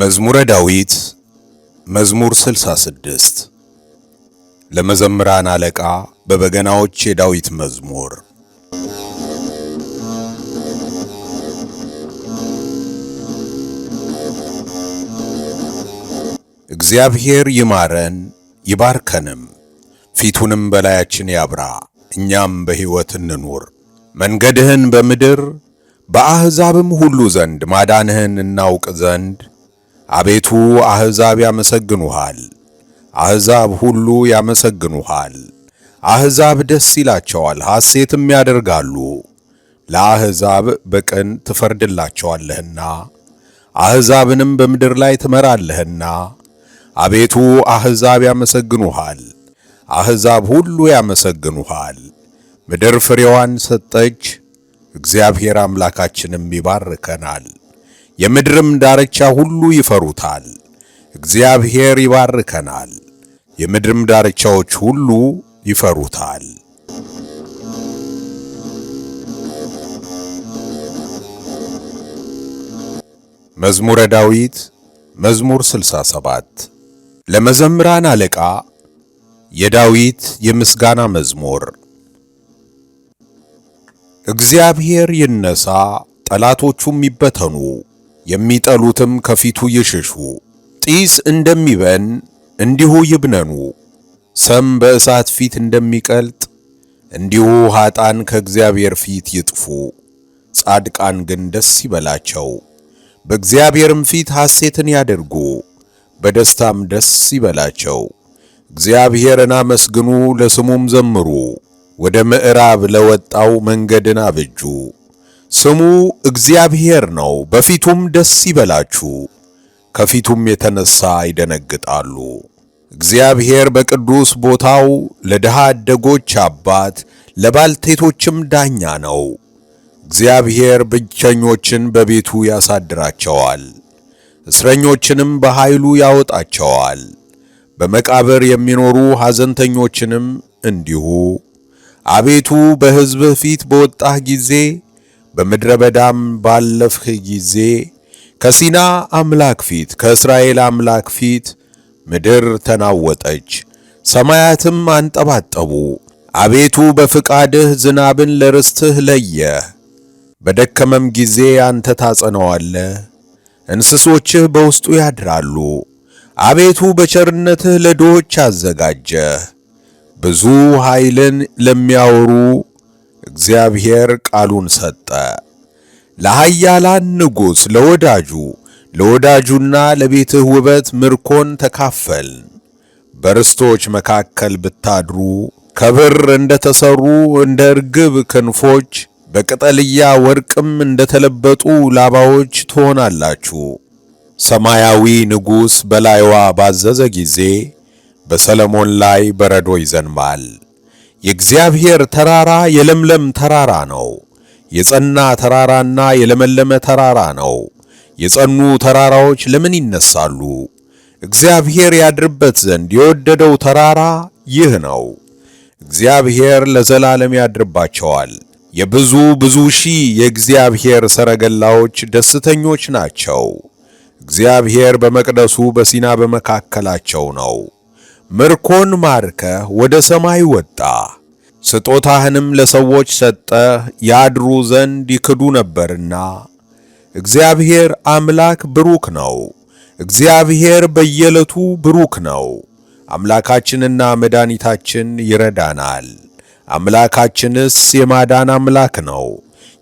መዝሙረ ዳዊት መዝሙር 66 ለመዘምራን አለቃ በበገናዎች የዳዊት መዝሙር። እግዚአብሔር ይማረን ይባርከንም፣ ፊቱንም በላያችን ያብራ፣ እኛም በሕይወት እንኑር። መንገድህን በምድር በአሕዛብም ሁሉ ዘንድ ማዳንህን እናውቅ ዘንድ አቤቱ አሕዛብ ያመሰግኑሃል፣ አሕዛብ ሁሉ ያመሰግኑሃል። አሕዛብ ደስ ይላቸዋል፣ ሐሴትም ያደርጋሉ። ለአሕዛብ በቀን ትፈርድላቸዋለህና አሕዛብንም በምድር ላይ ትመራለህና። አቤቱ አሕዛብ ያመሰግኑሃል፣ አሕዛብ ሁሉ ያመሰግኑሃል። ምድር ፍሬዋን ሰጠች፣ እግዚአብሔር አምላካችንም ይባርከናል። የምድርም ዳርቻ ሁሉ ይፈሩታል። እግዚአብሔር ይባርከናል፣ የምድርም ዳርቻዎች ሁሉ ይፈሩታል። መዝሙረ ዳዊት መዝሙር 67 ለመዘምራን አለቃ የዳዊት የምስጋና መዝሙር። እግዚአብሔር ይነሳ፣ ጠላቶቹም ይበተኑ። የሚጠሉትም ከፊቱ ይሽሹ። ጢስ እንደሚበን እንዲሁ ይብነኑ። ሰም በእሳት ፊት እንደሚቀልጥ እንዲሁ ኀጣን ከእግዚአብሔር ፊት ይጥፉ። ጻድቃን ግን ደስ ይበላቸው፣ በእግዚአብሔርም ፊት ሐሴትን ያደርጉ፣ በደስታም ደስ ይበላቸው። እግዚአብሔርን አመስግኑ፣ ለስሙም ዘምሩ። ወደ ምዕራብ ለወጣው መንገድን አብጁ። ስሙ እግዚአብሔር ነው፣ በፊቱም ደስ ይበላችሁ፣ ከፊቱም የተነሳ ይደነግጣሉ። እግዚአብሔር በቅዱስ ቦታው ለድሃ አደጎች አባት ለባልቴቶችም ዳኛ ነው። እግዚአብሔር ብቸኞችን በቤቱ ያሳድራቸዋል፣ እስረኞችንም በኃይሉ ያወጣቸዋል። በመቃብር የሚኖሩ ሐዘንተኞችንም እንዲሁ። አቤቱ በሕዝብህ ፊት በወጣህ ጊዜ በምድረ በዳም ባለፍህ ጊዜ ከሲና አምላክ ፊት ከእስራኤል አምላክ ፊት ምድር ተናወጠች፣ ሰማያትም አንጠባጠቡ። አቤቱ በፍቃድህ ዝናብን ለርስትህ ለየህ። በደከመም ጊዜ አንተ ታጸነዋለህ፣ እንስሶችህ በውስጡ ያድራሉ። አቤቱ በቸርነትህ ለድሆች አዘጋጀህ፣ ብዙ ኃይልን ለሚያወሩ እግዚአብሔር ቃሉን ሰጠ። ለኃያላን ንጉሥ ለወዳጁ ለወዳጁና ለቤትህ ውበት ምርኮን ተካፈል። በርስቶች መካከል ብታድሩ ከብር እንደተሰሩ እንደ ርግብ ክንፎች በቅጠልያ ወርቅም እንደተለበጡ ላባዎች ትሆናላችሁ። ሰማያዊ ንጉሥ በላይዋ ባዘዘ ጊዜ በሰለሞን ላይ በረዶ ይዘንባል። የእግዚአብሔር ተራራ የለምለም ተራራ ነው። የጸና ተራራና የለመለመ ተራራ ነው። የጸኑ ተራራዎች ለምን ይነሳሉ? እግዚአብሔር ያድርበት ዘንድ የወደደው ተራራ ይህ ነው። እግዚአብሔር ለዘላለም ያድርባቸዋል። የብዙ ብዙ ሺህ የእግዚአብሔር ሰረገላዎች ደስተኞች ናቸው። እግዚአብሔር በመቅደሱ በሲና በመካከላቸው ነው። ምርኮን ማርከህ ወደ ሰማይ ወጣ፣ ስጦታህንም ለሰዎች ሰጠ ያድሩ ዘንድ ይክዱ ነበርና። እግዚአብሔር አምላክ ብሩክ ነው። እግዚአብሔር በየዕለቱ ብሩክ ነው። አምላካችንና መድኃኒታችን ይረዳናል። አምላካችንስ የማዳን አምላክ ነው።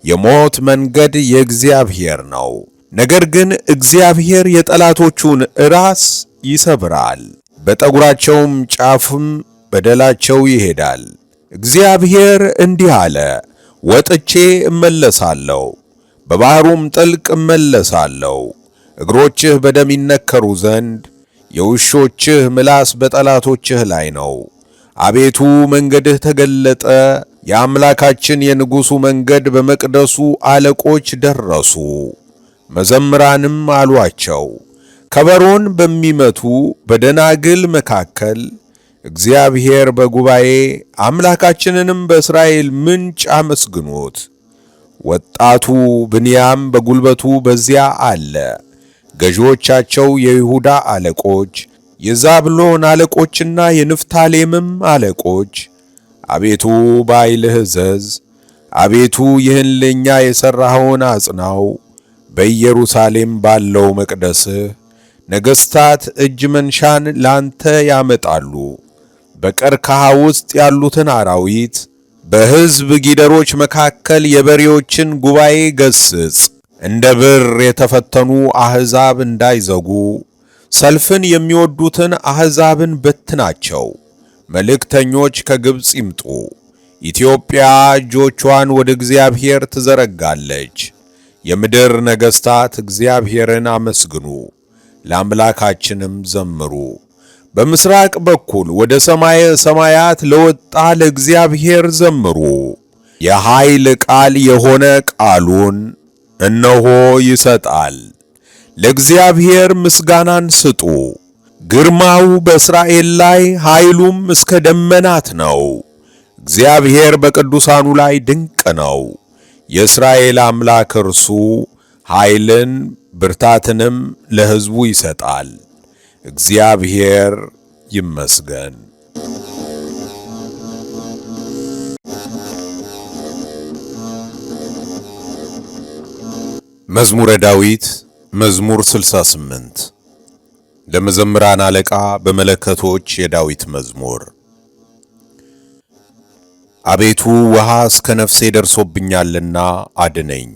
የሞት መንገድ የእግዚአብሔር ነው። ነገር ግን እግዚአብሔር የጠላቶቹን ራስ ይሰብራል። በጠጉራቸውም ጫፍም በደላቸው ይሄዳል። እግዚአብሔር እንዲህ አለ፣ ወጥቼ እመለሳለሁ፣ በባሕሩም ጥልቅ እመለሳለሁ። እግሮችህ በደም ይነከሩ ዘንድ የውሾችህ ምላስ በጠላቶችህ ላይ ነው። አቤቱ መንገድህ ተገለጠ፣ የአምላካችን የንጉሡ መንገድ በመቅደሱ አለቆች ደረሱ። መዘምራንም አሏቸው ከበሮን በሚመቱ በደናግል መካከል እግዚአብሔር በጉባኤ አምላካችንንም በእስራኤል ምንጭ አመስግኖት። ወጣቱ ብንያም በጉልበቱ በዚያ አለ። ገዢዎቻቸው የይሁዳ አለቆች፣ የዛብሎን አለቆችና የንፍታሌምም አለቆች አቤቱ ባይልህ እዘዝ፣ አቤቱ ይህን ለእኛ የሠራኸውን አጽናው፣ በኢየሩሳሌም ባለው መቅደስህ ነገሥታት እጅ መንሻን ላንተ ያመጣሉ። በቀርከሃ ውስጥ ያሉትን አራዊት፣ በሕዝብ ጊደሮች መካከል የበሬዎችን ጉባኤ ገስጽ። እንደ ብር የተፈተኑ አሕዛብ እንዳይዘጉ ሰልፍን የሚወዱትን አሕዛብን በትናቸው። መልእክተኞች ከግብፅ ይምጡ። ኢትዮጵያ እጆቿን ወደ እግዚአብሔር ትዘረጋለች። የምድር ነገሥታት እግዚአብሔርን አመስግኑ። ለአምላካችንም ዘምሩ። በምስራቅ በኩል ወደ ሰማየ ሰማያት ለወጣ ለእግዚአብሔር ዘምሩ። የኃይል ቃል የሆነ ቃሉን እነሆ ይሰጣል። ለእግዚአብሔር ምስጋናን ስጡ። ግርማው በእስራኤል ላይ ኃይሉም እስከ ደመናት ነው። እግዚአብሔር በቅዱሳኑ ላይ ድንቅ ነው። የእስራኤል አምላክ እርሱ ኃይልን ብርታትንም ለሕዝቡ ይሰጣል። እግዚአብሔር ይመስገን። መዝሙረ ዳዊት መዝሙር 68 ለመዘምራን አለቃ በመለከቶች የዳዊት መዝሙር። አቤቱ ውሃ እስከ ነፍሴ ደርሶብኛልና አድነኝ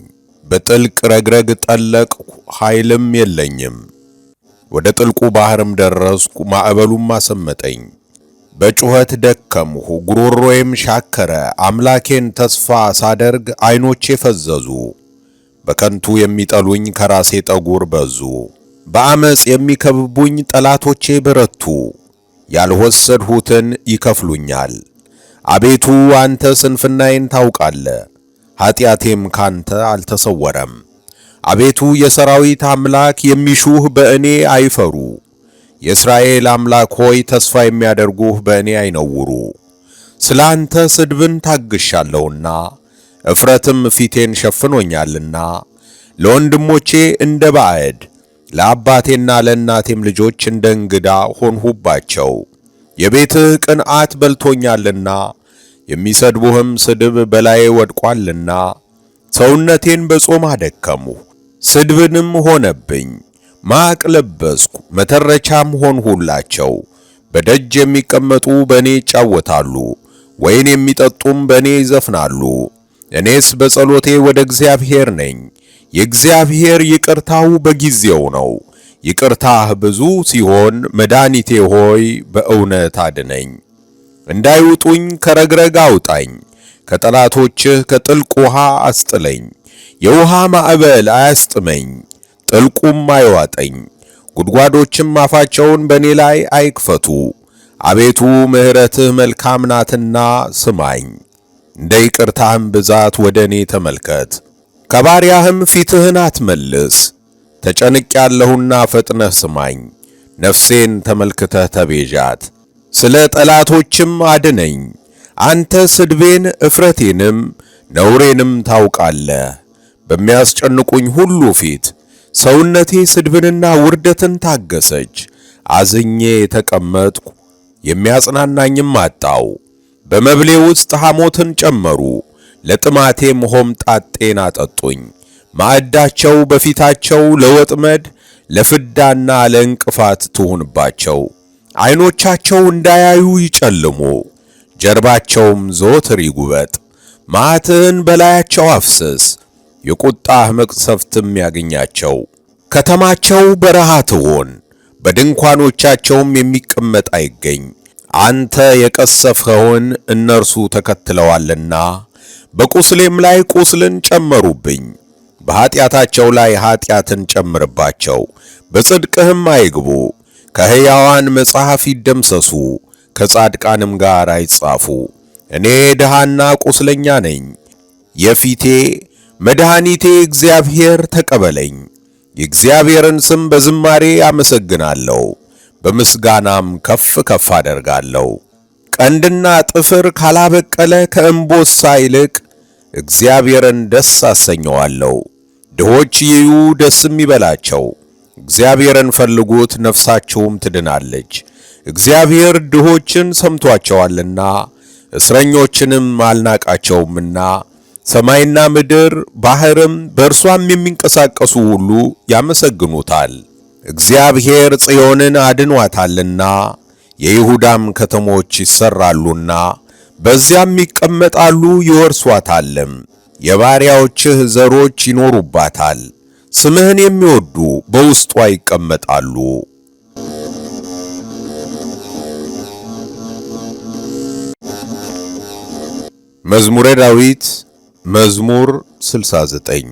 በጥልቅ ረግረግ ጠለቅ ኃይልም የለኝም። ወደ ጥልቁ ባህርም ደረስኩ፣ ማዕበሉም አሰመጠኝ። በጩኸት ደከምሁ፣ ጉሮሮዬም ሻከረ። አምላኬን ተስፋ ሳደርግ ዐይኖቼ ፈዘዙ። በከንቱ የሚጠሉኝ ከራሴ ጠጉር በዙ። በአመፅ የሚከብቡኝ ጠላቶቼ በረቱ። ያልወሰድሁትን ይከፍሉኛል። አቤቱ አንተ ስንፍናዬን ታውቃለህ። ኃጢአቴም ካንተ አልተሰወረም። አቤቱ የሰራዊት አምላክ የሚሹህ በእኔ አይፈሩ። የእስራኤል አምላክ ሆይ ተስፋ የሚያደርጉህ በእኔ አይነውሩ። ስለ አንተ ስድብን ታግሻለሁና እፍረትም ፊቴን ሸፍኖኛልና ለወንድሞቼ እንደ ባዕድ ለአባቴና ለእናቴም ልጆች እንደ እንግዳ ሆንሁባቸው። የቤትህ ቅንዓት በልቶኛልና የሚሰድቡህም ስድብ በላዬ ወድቋልና ሰውነቴን በጾም አደከሙ፣ ስድብንም ሆነብኝ። ማቅ ለበስኩ፣ መተረቻም ሆንሁላቸው። በደጅ የሚቀመጡ በእኔ ይጫወታሉ፣ ወይን የሚጠጡም በእኔ ይዘፍናሉ። እኔስ በጸሎቴ ወደ እግዚአብሔር ነኝ። የእግዚአብሔር ይቅርታው በጊዜው ነው። ይቅርታህ ብዙ ሲሆን መድኃኒቴ ሆይ በእውነት አድነኝ። እንዳይውጡኝ ከረግረግ አውጣኝ፣ ከጠላቶችህ ከጥልቅ ውሃ አስጥለኝ። የውሃ ማዕበል አያስጥመኝ፣ ጥልቁም አይዋጠኝ። ጉድጓዶችም አፋቸውን በእኔ ላይ አይክፈቱ። አቤቱ ምሕረትህ መልካም ናትና ስማኝ፣ እንደ ይቅርታህም ብዛት ወደ እኔ ተመልከት። ከባሪያህም ፊትህን አትመልስ። ተጨንቅ ያለሁና ፈጥነህ ስማኝ፣ ነፍሴን ተመልክተህ ተቤዣት። ስለ ጠላቶችም አድነኝ። አንተ ስድቤን እፍረቴንም ነውሬንም ታውቃለህ። በሚያስጨንቁኝ ሁሉ ፊት ሰውነቴ ስድብንና ውርደትን ታገሰች። አዝኜ ተቀመጥኩ፣ የሚያጽናናኝም አጣው። በመብሌ ውስጥ ሐሞትን ጨመሩ፣ ለጥማቴም ሆምጣጤን አጠጡኝ። ማዕዳቸው በፊታቸው ለወጥመድ ለፍዳና ለእንቅፋት ትሁንባቸው። ዓይኖቻቸው እንዳያዩ ይጨልሙ፣ ጀርባቸውም ዘወትር ይጉበጥ። መዓትህን በላያቸው አፍስስ፣ የቁጣህ መቅሰፍትም ያገኛቸው። ከተማቸው በረሃ ትሆን፣ በድንኳኖቻቸውም የሚቀመጥ አይገኝ። አንተ የቀሰፍኸውን እነርሱ ተከትለዋልና፣ በቁስሌም ላይ ቁስልን ጨመሩብኝ። በኀጢአታቸው ላይ ኀጢአትን ጨምርባቸው፣ በጽድቅህም አይግቡ። ከሕያዋን መጽሐፍ ይደምሰሱ፣ ከጻድቃንም ጋር አይጻፉ። እኔ ድሃና ቁስለኛ ነኝ። የፊቴ መድኃኒቴ እግዚአብሔር ተቀበለኝ። የእግዚአብሔርን ስም በዝማሬ አመሰግናለሁ፣ በምስጋናም ከፍ ከፍ አደርጋለሁ። ቀንድና ጥፍር ካላበቀለ ከእምቦሳ ይልቅ እግዚአብሔርን ደስ አሰኘዋለሁ። ድሆች ይዩ ደስም ይበላቸው። እግዚአብሔርን ፈልጉት ነፍሳችሁም ትድናለች። እግዚአብሔር ድሆችን ሰምቷቸዋልና እስረኞችንም አልናቃቸውምና ሰማይና ምድር ባህርም በእርሷም የሚንቀሳቀሱ ሁሉ ያመሰግኑታል። እግዚአብሔር ጽዮንን አድኗታልና የይሁዳም ከተሞች ይሰራሉና በዚያም ይቀመጣሉ ይወርሷታልም። የባሪያዎችህ ዘሮች ይኖሩባታል። ስምህን የሚወዱ በውስጧ ይቀመጣሉ። መዝሙረ ዳዊት መዝሙር 69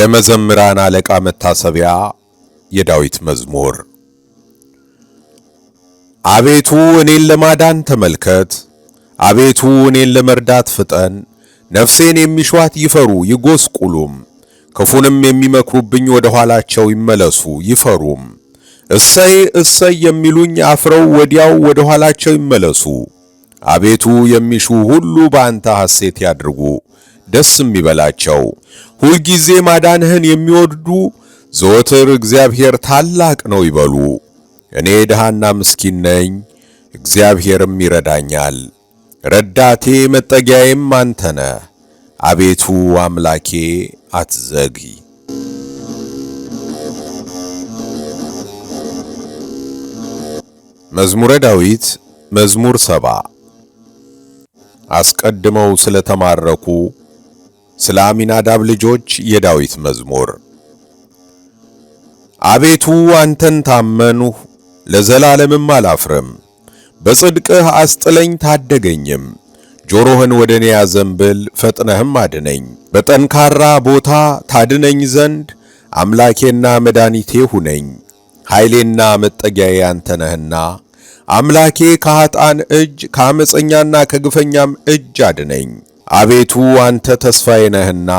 ለመዘምራን አለቃ መታሰቢያ የዳዊት መዝሙር። አቤቱ እኔን ለማዳን ተመልከት፣ አቤቱ እኔን ለመርዳት ፍጠን። ነፍሴን የሚሿት ይፈሩ ይጎስቁሉም፣ ክፉንም የሚመክሩብኝ ወደ ኋላቸው ይመለሱ ይፈሩም። እሰይ እሰይ የሚሉኝ አፍረው ወዲያው ወደ ኋላቸው ይመለሱ። አቤቱ የሚሹ ሁሉ በአንተ ሐሴት ያድርጉ፣ ደስም ይበላቸው። ሁልጊዜ ማዳንህን የሚወድዱ ዘወትር እግዚአብሔር ታላቅ ነው ይበሉ። እኔ ድሃና ምስኪን ነኝ፣ እግዚአብሔርም ይረዳኛል። ረዳቴ መጠጊያዬም አንተ ነህ አቤቱ አምላኬ አትዘግይ። መዝሙረ ዳዊት መዝሙር ሰባ አስቀድመው ስለተማረኩ ስለ አሚናዳብ ልጆች የዳዊት መዝሙር። አቤቱ አንተን ታመንሁ፣ ለዘላለምም አላፍርም። በጽድቅህ አስጥለኝ ታደገኝም ጆሮህን ወደ እኔ ያዘንብል፣ ፈጥነህም አድነኝ። በጠንካራ ቦታ ታድነኝ ዘንድ አምላኬና መድኃኒቴ ሁነኝ። ኃይሌና መጠጊያዬ አንተ ነህና አምላኬ ከኃጥአን እጅ ከአመፀኛና ከግፈኛም እጅ አድነኝ። አቤቱ አንተ ተስፋዬ ነህና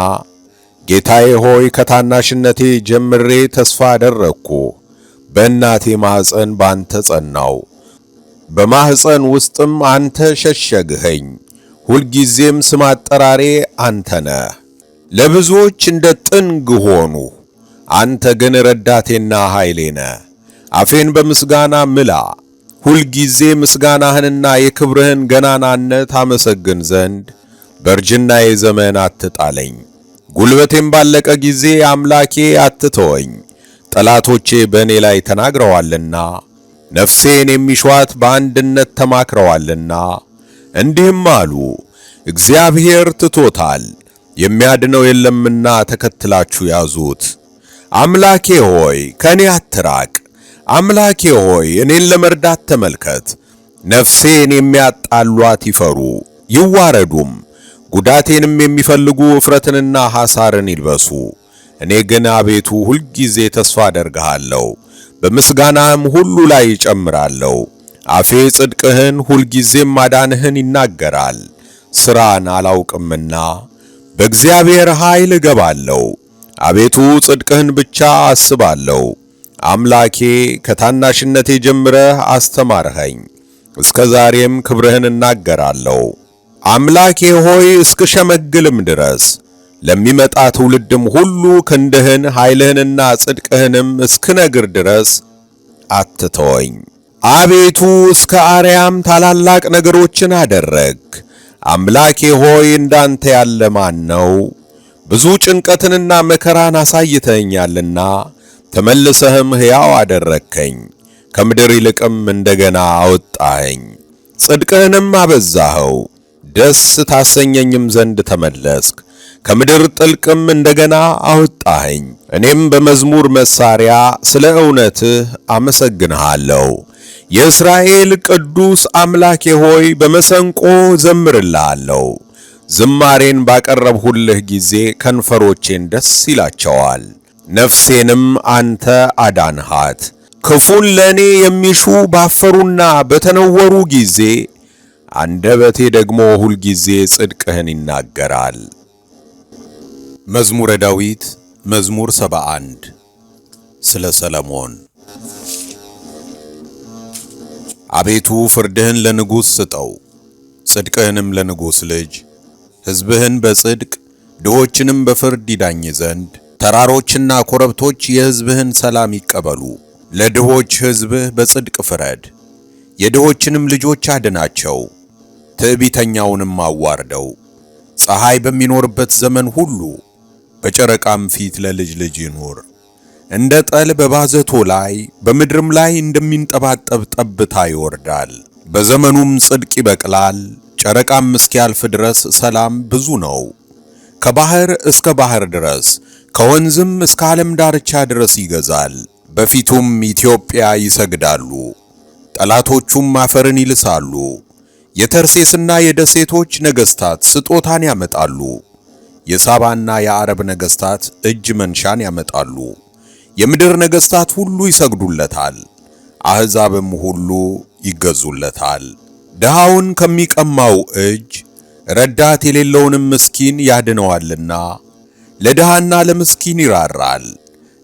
ጌታዬ ሆይ ከታናሽነቴ ጀምሬ ተስፋ አደረግኩ። በእናቴ ማኅፀን ባንተ ጸናው፣ በማኅፀን ውስጥም አንተ ሸሸግኸኝ። ሁልጊዜም ስም አጠራሬ አንተ ነህ። ለብዙዎች እንደ ጥንግ ሆኑ፣ አንተ ግን ረዳቴና ኃይሌ ነህ። አፌን በምስጋና ምላ፣ ሁልጊዜ ምስጋናህንና የክብርህን ገናናነት አመሰግን ዘንድ በእርጅናዬ ዘመን አትጣለኝ። ጉልበቴም ባለቀ ጊዜ አምላኬ አትተወኝ። ጠላቶቼ በእኔ ላይ ተናግረዋልና ነፍሴን የሚሿት በአንድነት ተማክረዋልና እንዲህም አሉ፣ እግዚአብሔር ትቶታል፣ የሚያድነው የለምና ተከትላችሁ ያዙት። አምላኬ ሆይ ከኔ አትራቅ፣ አምላኬ ሆይ እኔን ለመርዳት ተመልከት። ነፍሴን የሚያጣሏት ይፈሩ ይዋረዱም፣ ጉዳቴንም የሚፈልጉ እፍረትንና ሐሳርን ይልበሱ። እኔ ግን አቤቱ ሁልጊዜ ተስፋ አደርግሃለሁ፣ በምስጋናም ሁሉ ላይ እጨምራለሁ። አፌ ጽድቅህን ሁልጊዜም ማዳንህን ይናገራል። ሥራን አላውቅምና በእግዚአብሔር ኃይል እገባለሁ። አቤቱ ጽድቅህን ብቻ አስባለሁ። አምላኬ ከታናሽነቴ ጀምረህ አስተማርኸኝ፣ እስከ ዛሬም ክብርህን እናገራለሁ። አምላኬ ሆይ እስክሸመግልም ድረስ ለሚመጣ ትውልድም ሁሉ ክንድህን ኃይልህንና ጽድቅህንም እስክነግር ድረስ አትተወኝ። አቤቱ እስከ አርያም ታላላቅ ነገሮችን አደረግ። አምላኬ ሆይ እንዳንተ ያለ ማን ነው? ብዙ ጭንቀትንና መከራን አሳይተኛልና ተመልሰህም ሕያው አደረግከኝ። ከምድር ይልቅም እንደገና አወጣኸኝ፣ ጽድቅህንም አበዛኸው፣ ደስ ታሰኘኝም ዘንድ ተመለስክ። ከምድር ጥልቅም እንደገና አወጣኸኝ። እኔም በመዝሙር መሳሪያ ስለ እውነትህ አመሰግንሃለሁ። የእስራኤል ቅዱስ አምላኬ ሆይ በመሰንቆ ዘምርልሃለሁ። ዝማሬን ባቀረብሁልህ ጊዜ ከንፈሮቼን ደስ ይላቸዋል። ነፍሴንም አንተ አዳንሃት። ክፉን ለእኔ የሚሹ ባፈሩና በተነወሩ ጊዜ አንደበቴ ደግሞ ሁልጊዜ ጽድቅህን ይናገራል። መዝሙረ ዳዊት መዝሙር 71 ስለ ሰለሞን። አቤቱ ፍርድህን ለንጉሥ ስጠው፣ ጽድቅህንም ለንጉሥ ልጅ። ሕዝብህን በጽድቅ ድሆችንም በፍርድ ይዳኝ ዘንድ ተራሮችና ኮረብቶች የሕዝብህን ሰላም ይቀበሉ። ለድሆች ሕዝብህ በጽድቅ ፍረድ፣ የድሆችንም ልጆች አድናቸው። ትዕቢተኛውንም አዋርደው፣ ፀሐይ በሚኖርበት ዘመን ሁሉ በጨረቃም ፊት ለልጅ ልጅ ይኖር እንደ ጠል በባዘቶ ላይ በምድርም ላይ እንደሚንጠባጠብ ጠብታ ይወርዳል። በዘመኑም ጽድቅ ይበቅላል። ጨረቃም እስኪያልፍ ድረስ ሰላም ብዙ ነው። ከባህር እስከ ባህር ድረስ ከወንዝም እስከ ዓለም ዳርቻ ድረስ ይገዛል። በፊቱም ኢትዮጵያ ይሰግዳሉ፣ ጠላቶቹም አፈርን ይልሳሉ። የተርሴስና የደሴቶች ነገሥታት ስጦታን ያመጣሉ። የሳባና የአረብ ነገስታት እጅ መንሻን ያመጣሉ። የምድር ነገስታት ሁሉ ይሰግዱለታል፣ አህዛብም ሁሉ ይገዙለታል። ድሃውን ከሚቀማው እጅ ረዳት የሌለውንም ምስኪን ያድነዋልና ለድሃና ለምስኪን ይራራል፣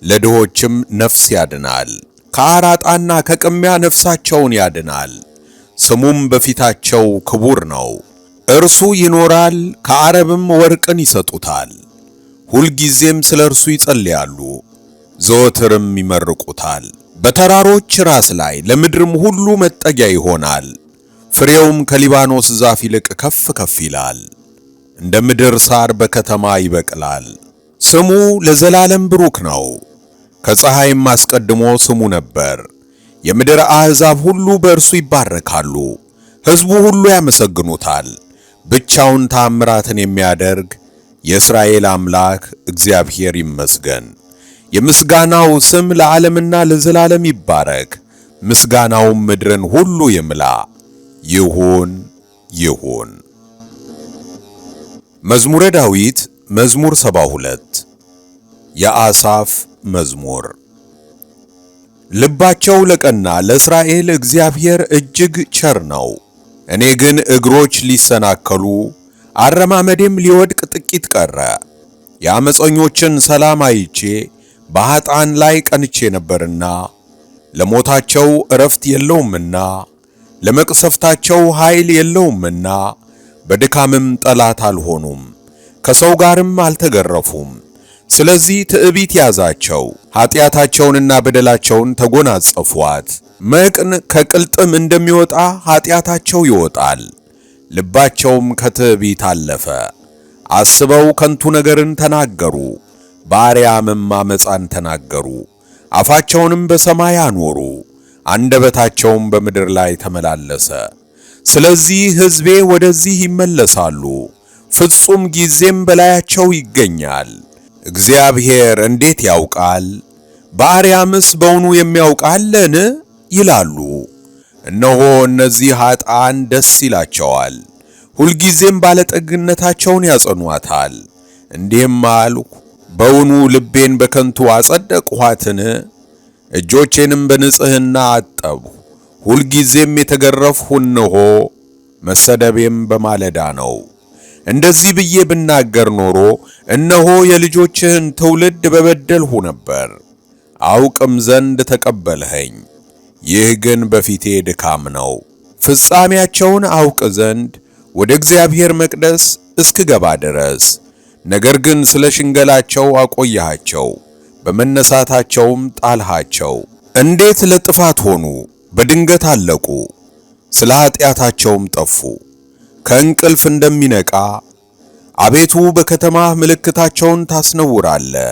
ለድሆችም ነፍስ ያድናል። ከአራጣና ከቅሚያ ነፍሳቸውን ያድናል። ስሙም በፊታቸው ክቡር ነው። እርሱ ይኖራል፣ ከአረብም ወርቅን ይሰጡታል። ሁልጊዜም ስለ እርሱ ይጸልያሉ፣ ዘወትርም ይመርቁታል። በተራሮች ራስ ላይ ለምድርም ሁሉ መጠጊያ ይሆናል። ፍሬውም ከሊባኖስ ዛፍ ይልቅ ከፍ ከፍ ይላል፣ እንደ ምድር ሳር በከተማ ይበቅላል። ስሙ ለዘላለም ብሩክ ነው። ከፀሐይም አስቀድሞ ስሙ ነበር። የምድር አሕዛብ ሁሉ በእርሱ ይባረካሉ፣ ሕዝቡ ሁሉ ያመሰግኑታል። ብቻውን ታምራትን የሚያደርግ የእስራኤል አምላክ እግዚአብሔር ይመስገን። የምስጋናው ስም ለዓለምና ለዘላለም ይባረክ። ምስጋናውም ምድርን ሁሉ ይምላ። ይሁን ይሁን። መዝሙረ ዳዊት መዝሙር 72 የአሳፍ መዝሙር። ልባቸው ለቀና ለእስራኤል እግዚአብሔር እጅግ ቸር ነው። እኔ ግን እግሮች ሊሰናከሉ አረማመዴም ሊወድቅ ጥቂት ቀረ። የአመፀኞችን ሰላም አይቼ በኃጣን ላይ ቀንቼ ነበርና ለሞታቸው እረፍት የለውምና ለመቅሰፍታቸው ኃይል የለውምና በድካምም ጠላት አልሆኑም፣ ከሰው ጋርም አልተገረፉም። ስለዚህ ትዕቢት ያዛቸው፣ ኃጢአታቸውንና በደላቸውን ተጎናጸፏት። መቅን ከቅልጥም እንደሚወጣ ኃጢአታቸው ይወጣል፣ ልባቸውም ከትዕቢት አለፈ። አስበው ከንቱ ነገርን ተናገሩ፣ በአርያምም ዓመፃን ተናገሩ። አፋቸውንም በሰማይ አኖሩ፣ አንደበታቸውም በምድር ላይ ተመላለሰ። ስለዚህ ሕዝቤ ወደዚህ ይመለሳሉ፣ ፍጹም ጊዜም በላያቸው ይገኛል። እግዚአብሔር እንዴት ያውቃል? በአርያምስ በውኑ የሚያውቃለን? ይላሉ። እነሆ እነዚህ ኃጥአን ደስ ይላቸዋል፣ ሁልጊዜም ባለጠግነታቸውን ያጸኗታል። እንዲህም አልሁ በውኑ ልቤን በከንቱ አጸደቅኋትን? እጆቼንም በንጽሕና አጠብሁ። ሁልጊዜም የተገረፍሁ እነሆ መሰደቤም በማለዳ ነው። እንደዚህ ብዬ ብናገር ኖሮ እነሆ የልጆችህን ትውልድ በበደልሁ ነበር። አውቅም ዘንድ ተቀበልኸኝ ይህ ግን በፊቴ ድካም ነው። ፍጻሜያቸውን አውቅ ዘንድ ወደ እግዚአብሔር መቅደስ እስክገባ ድረስ። ነገር ግን ስለ ሽንገላቸው አቆያቸው በመነሳታቸውም ጣልሃቸው። እንዴት ለጥፋት ሆኑ! በድንገት አለቁ፣ ስለ ኃጢአታቸውም ጠፉ። ከእንቅልፍ እንደሚነቃ አቤቱ በከተማህ ምልክታቸውን ታስነውራለህ።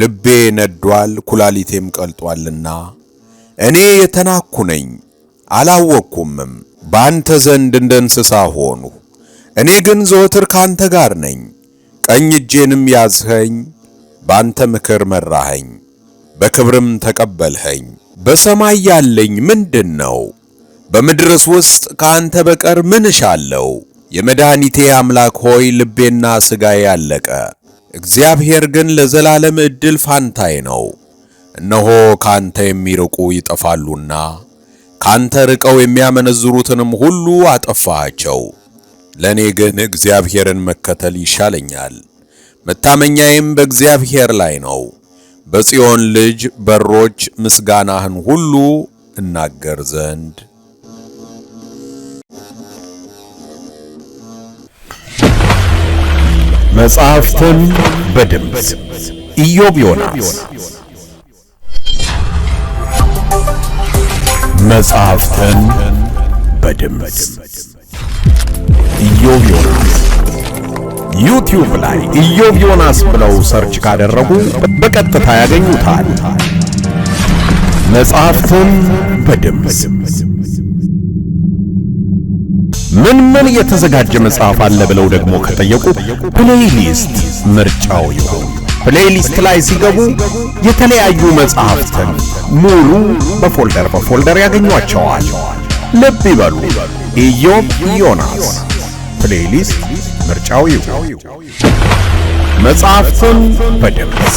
ልቤ ነዷል ኩላሊቴም ቀልጧልና እኔ የተናኩ ነኝ አላወቅኩምም፣ ባንተ ዘንድ እንደ እንስሳ ሆኑ። እኔ ግን ዘወትር ካንተ ጋር ነኝ፣ ቀኝ እጄንም ያዝኸኝ፣ ባንተ ምክር መራኸኝ፣ በክብርም ተቀበልኸኝ። በሰማይ ያለኝ ምንድን ነው? በምድርስ ውስጥ ከአንተ በቀር ምን እሻለሁ? የመድኃኒቴ አምላክ ሆይ ልቤና ሥጋዬ አለቀ። እግዚአብሔር ግን ለዘላለም ዕድል ፋንታይ ነው። እነሆ ካንተ የሚርቁ ይጠፋሉና ካንተ ርቀው የሚያመነዝሩትንም ሁሉ አጠፋቸው። ለእኔ ግን እግዚአብሔርን መከተል ይሻለኛል፣ መታመኛዬም በእግዚአብሔር ላይ ነው። በጽዮን ልጅ በሮች ምስጋናህን ሁሉ እናገር ዘንድ መጽሐፍትን በድምፅ ኢዮብ ዮናስ መጽሐፍትን በድምፅ ኢዮብ ዮናስ ዩቲዩብ ላይ ኢዮብ ዮናስ ብለው ሰርች ካደረጉ በቀጥታ ያገኙታል። መጽሐፍትን በድምፅ ምን ምን የተዘጋጀ መጽሐፍ አለ ብለው ደግሞ ከጠየቁ ፕሌይሊስት ምርጫው ይሆናል። ፕሌይሊስት ላይ ሲገቡ የተለያዩ መጽሐፍትን ሙሉ በፎልደር በፎልደር ያገኟቸዋል። ልብ ይበሉ፣ ኢዮብ ዮናስ ፕሌይሊስት ምርጫው ይሁን መጽሐፍትን በድምፅ